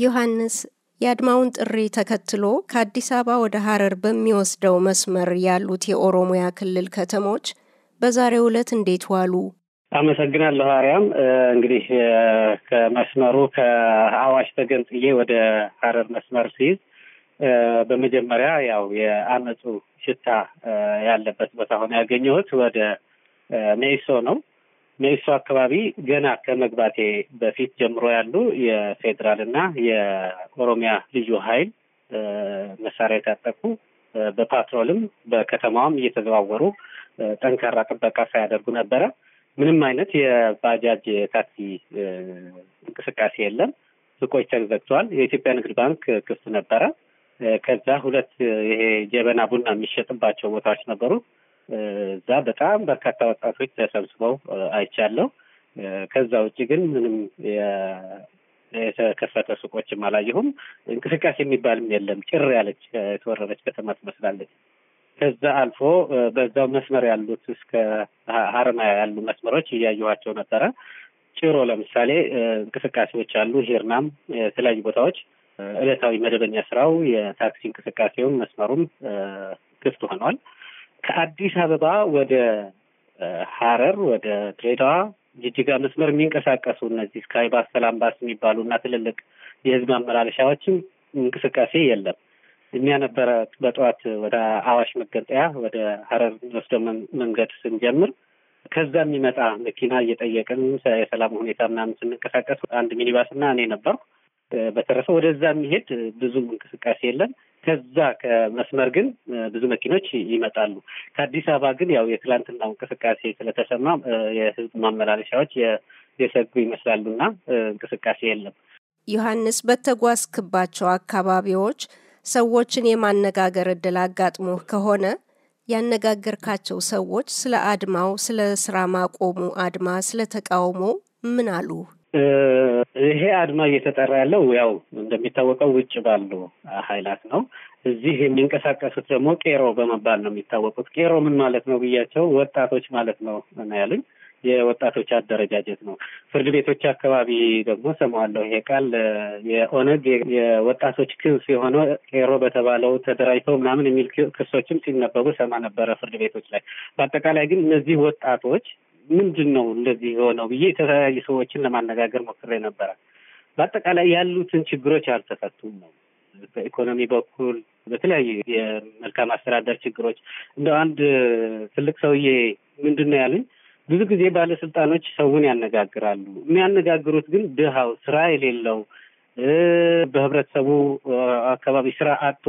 ዮሐንስ የአድማውን ጥሪ ተከትሎ ከአዲስ አበባ ወደ ሀረር በሚወስደው መስመር ያሉት የኦሮሚያ ክልል ከተሞች በዛሬው ዕለት እንዴት ዋሉ? አመሰግናለሁ አርያም። እንግዲህ ከመስመሩ ከአዋሽ ተገንጥዬ ወደ ሀረር መስመር ሲይዝ በመጀመሪያ ያው የአመፁ ሽታ ያለበት ቦታ ሆነ ያገኘሁት ወደ ሜሶ ነው። ሜይሶ አካባቢ ገና ከመግባቴ በፊት ጀምሮ ያሉ የፌዴራል እና የኦሮሚያ ልዩ ኃይል መሳሪያ የታጠቁ በፓትሮልም በከተማዋም እየተዘዋወሩ ጠንካራ ጥበቃ ሳያደርጉ ነበረ። ምንም አይነት የባጃጅ የታክሲ እንቅስቃሴ የለም። ሱቆች ተዘግተዋል። የኢትዮጵያ ንግድ ባንክ ክፍት ነበረ። ከዛ ሁለት ይሄ ጀበና ቡና የሚሸጥባቸው ቦታዎች ነበሩ። እዛ በጣም በርካታ ወጣቶች ተሰብስበው አይቻለሁ። ከዛ ውጭ ግን ምንም የተከፈተ ሱቆችም አላየሁም። እንቅስቃሴ የሚባልም የለም። ጭር ያለች የተወረረች ከተማ ትመስላለች። ከዛ አልፎ በዛው መስመር ያሉት እስከ ሀረማያ ያሉ መስመሮች እያየኋቸው ነበረ። ጭሮ ለምሳሌ እንቅስቃሴዎች አሉ። ሂርናም፣ የተለያዩ ቦታዎች እለታዊ መደበኛ ስራው የታክሲ እንቅስቃሴውን መስመሩም ክፍት ሆኗል። ከአዲስ አበባ ወደ ሀረር ወደ ድሬዳዋ ጅጅጋ መስመር የሚንቀሳቀሱ እነዚህ ስካይ ባስ፣ ሰላም ባስ የሚባሉ እና ትልልቅ የህዝብ አመላለሻዎችም እንቅስቃሴ የለም። እኛ ነበረ በጠዋት ወደ አዋሽ መገንጠያ ወደ ሀረር ወስደው መንገድ ስንጀምር ከዛ የሚመጣ መኪና እየጠየቅን የሰላም ሁኔታ ምናምን ስንንቀሳቀስ አንድ ሚኒባስ እና እኔ ነበርኩ። በተረፈ ወደዛ የሚሄድ ብዙም እንቅስቃሴ የለም። ከዛ ከመስመር ግን ብዙ መኪኖች ይመጣሉ። ከአዲስ አበባ ግን ያው የትላንትናው እንቅስቃሴ ስለተሰማ የህዝብ ማመላለሻዎች የሰጉ ይመስላሉና እንቅስቃሴ የለም። ዮሐንስ፣ በተጓዝክባቸው አካባቢዎች ሰዎችን የማነጋገር እድል አጋጥሞ ከሆነ ያነጋገርካቸው ሰዎች ስለ አድማው፣ ስለ ስራ ማቆሙ አድማ፣ ስለ ተቃውሞ ምን አሉ? ይሄ አድማ እየተጠራ ያለው ያው እንደሚታወቀው ውጭ ባሉ ሀይላት ነው። እዚህ የሚንቀሳቀሱት ደግሞ ቄሮ በመባል ነው የሚታወቁት። ቄሮ ምን ማለት ነው ብያቸው ወጣቶች ማለት ነው ና ያሉኝ። የወጣቶች አደረጃጀት ነው። ፍርድ ቤቶች አካባቢ ደግሞ ሰማዋለሁ ይሄ ቃል የኦነግ የወጣቶች ክንፍ የሆነው ቄሮ በተባለው ተደራጅተው ምናምን የሚል ክሶችም ሲነበቡ ሰማ ነበረ ፍርድ ቤቶች ላይ። በአጠቃላይ ግን እነዚህ ወጣቶች ምንድን ነው እንደዚህ የሆነው ብዬ የተለያዩ ሰዎችን ለማነጋገር ሞክሬ ነበረ። በአጠቃላይ ያሉትን ችግሮች አልተፈቱም ነው። በኢኮኖሚ በኩል በተለያዩ የመልካም አስተዳደር ችግሮች እንደ አንድ ትልቅ ሰውዬ ምንድን ነው ያሉኝ፣ ብዙ ጊዜ ባለስልጣኖች ሰውን ያነጋግራሉ። የሚያነጋግሩት ግን ድሃው፣ ስራ የሌለው በህብረተሰቡ አካባቢ ስራ አጥቶ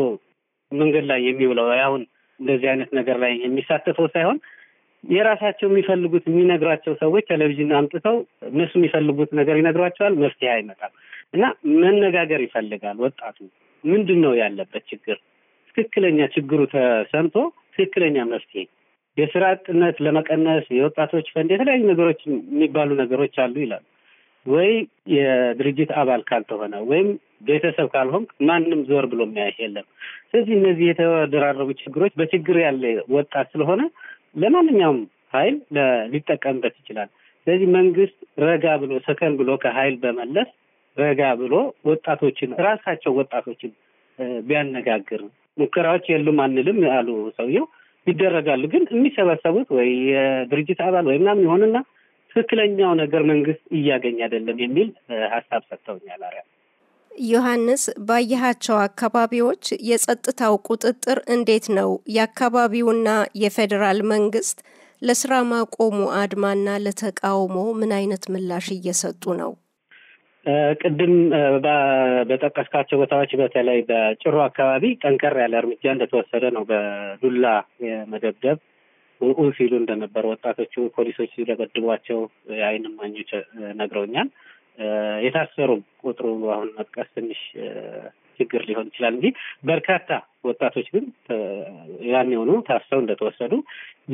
መንገድ ላይ የሚውለው አሁን እንደዚህ አይነት ነገር ላይ የሚሳተፈው ሳይሆን የራሳቸው የሚፈልጉት የሚነግሯቸው ሰዎች ቴሌቪዥን አምጥተው እነሱ የሚፈልጉት ነገር ይነግሯቸዋል። መፍትሄ አይመጣም እና መነጋገር ይፈልጋል ወጣቱ። ምንድን ነው ያለበት ችግር? ትክክለኛ ችግሩ ተሰምቶ ትክክለኛ መፍትሄ የስራ አጥነት ለመቀነስ የወጣቶች ፈንድ፣ የተለያዩ ነገሮች የሚባሉ ነገሮች አሉ ይላሉ። ወይ የድርጅት አባል ካልተሆነ ወይም ቤተሰብ ካልሆን ማንም ዞር ብሎ የሚያይ የለም። ስለዚህ እነዚህ የተደራረቡ ችግሮች በችግር ያለ ወጣት ስለሆነ ለማንኛውም ኃይል ሊጠቀምበት ይችላል። ስለዚህ መንግስት ረጋ ብሎ ሰከን ብሎ ከኃይል በመለስ ረጋ ብሎ ወጣቶችን ራሳቸው ወጣቶችን ቢያነጋግር ሙከራዎች የሉም አንልም አሉ ሰውየው ይደረጋሉ። ግን የሚሰበሰቡት ወይ የድርጅት አባል ወይ ምናምን የሆንና ትክክለኛው ነገር መንግስት እያገኝ አይደለም የሚል ሀሳብ ሰጥተውኛል አሪያ ዮሐንስ ባየሃቸው አካባቢዎች የጸጥታው ቁጥጥር እንዴት ነው የአካባቢውና የፌዴራል መንግስት ለስራ ማቆሙ አድማና ለተቃውሞ ምን አይነት ምላሽ እየሰጡ ነው? ቅድም በጠቀስካቸው ቦታዎች በተለይ በጭሮ አካባቢ ጠንከር ያለ እርምጃ እንደተወሰደ ነው። በዱላ የመደብደብ ውል ሲሉ እንደነበር ወጣቶቹ ፖሊሶች ሲደበድቧቸው የዓይን እማኞች ነግረውኛል። የታሰሩ ቁጥሩ አሁን መጥቀስ ትንሽ ችግር ሊሆን ይችላል እንጂ በርካታ ወጣቶች ግን የሆኑ ታፍሰው እንደተወሰዱ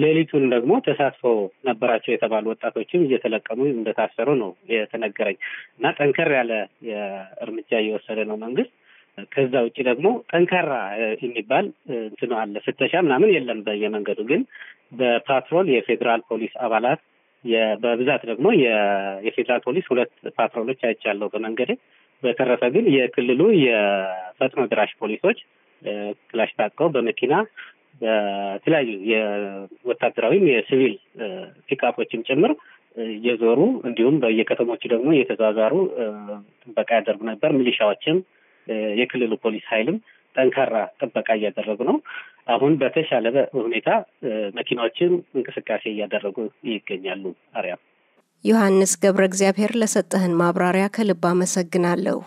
ሌሊቱን ደግሞ ተሳትፎ ነበራቸው የተባሉ ወጣቶችም እየተለቀሙ እንደታሰሩ ነው የተነገረኝ እና ጠንከር ያለ እርምጃ እየወሰደ ነው መንግስት። ከዛ ውጭ ደግሞ ጠንካራ የሚባል እንትኑ አለ። ፍተሻ ምናምን የለም በየመንገዱ ግን በፓትሮል የፌዴራል ፖሊስ አባላት በብዛት ደግሞ የፌዴራል ፖሊስ ሁለት ፓትሮሎች አይቻለሁ በመንገዴ። በተረፈ ግን የክልሉ የፈጥኖ ድራሽ ፖሊሶች ክላሽ ታጥቀው በመኪና በተለያዩ የወታደራዊም የሲቪል ፒክአፖችም ጭምር እየዞሩ እንዲሁም በየከተሞቹ ደግሞ እየተዟዟሩ ጥበቃ ያደርጉ ነበር። ሚሊሻዎችም የክልሉ ፖሊስ ኃይልም ጠንካራ ጥበቃ እያደረጉ ነው። አሁን በተሻለ ሁኔታ መኪናዎችን እንቅስቃሴ እያደረጉ ይገኛሉ። አሪያ ዮሐንስ ገብረ እግዚአብሔር ለሰጠህን ማብራሪያ ከልብ አመሰግናለሁ።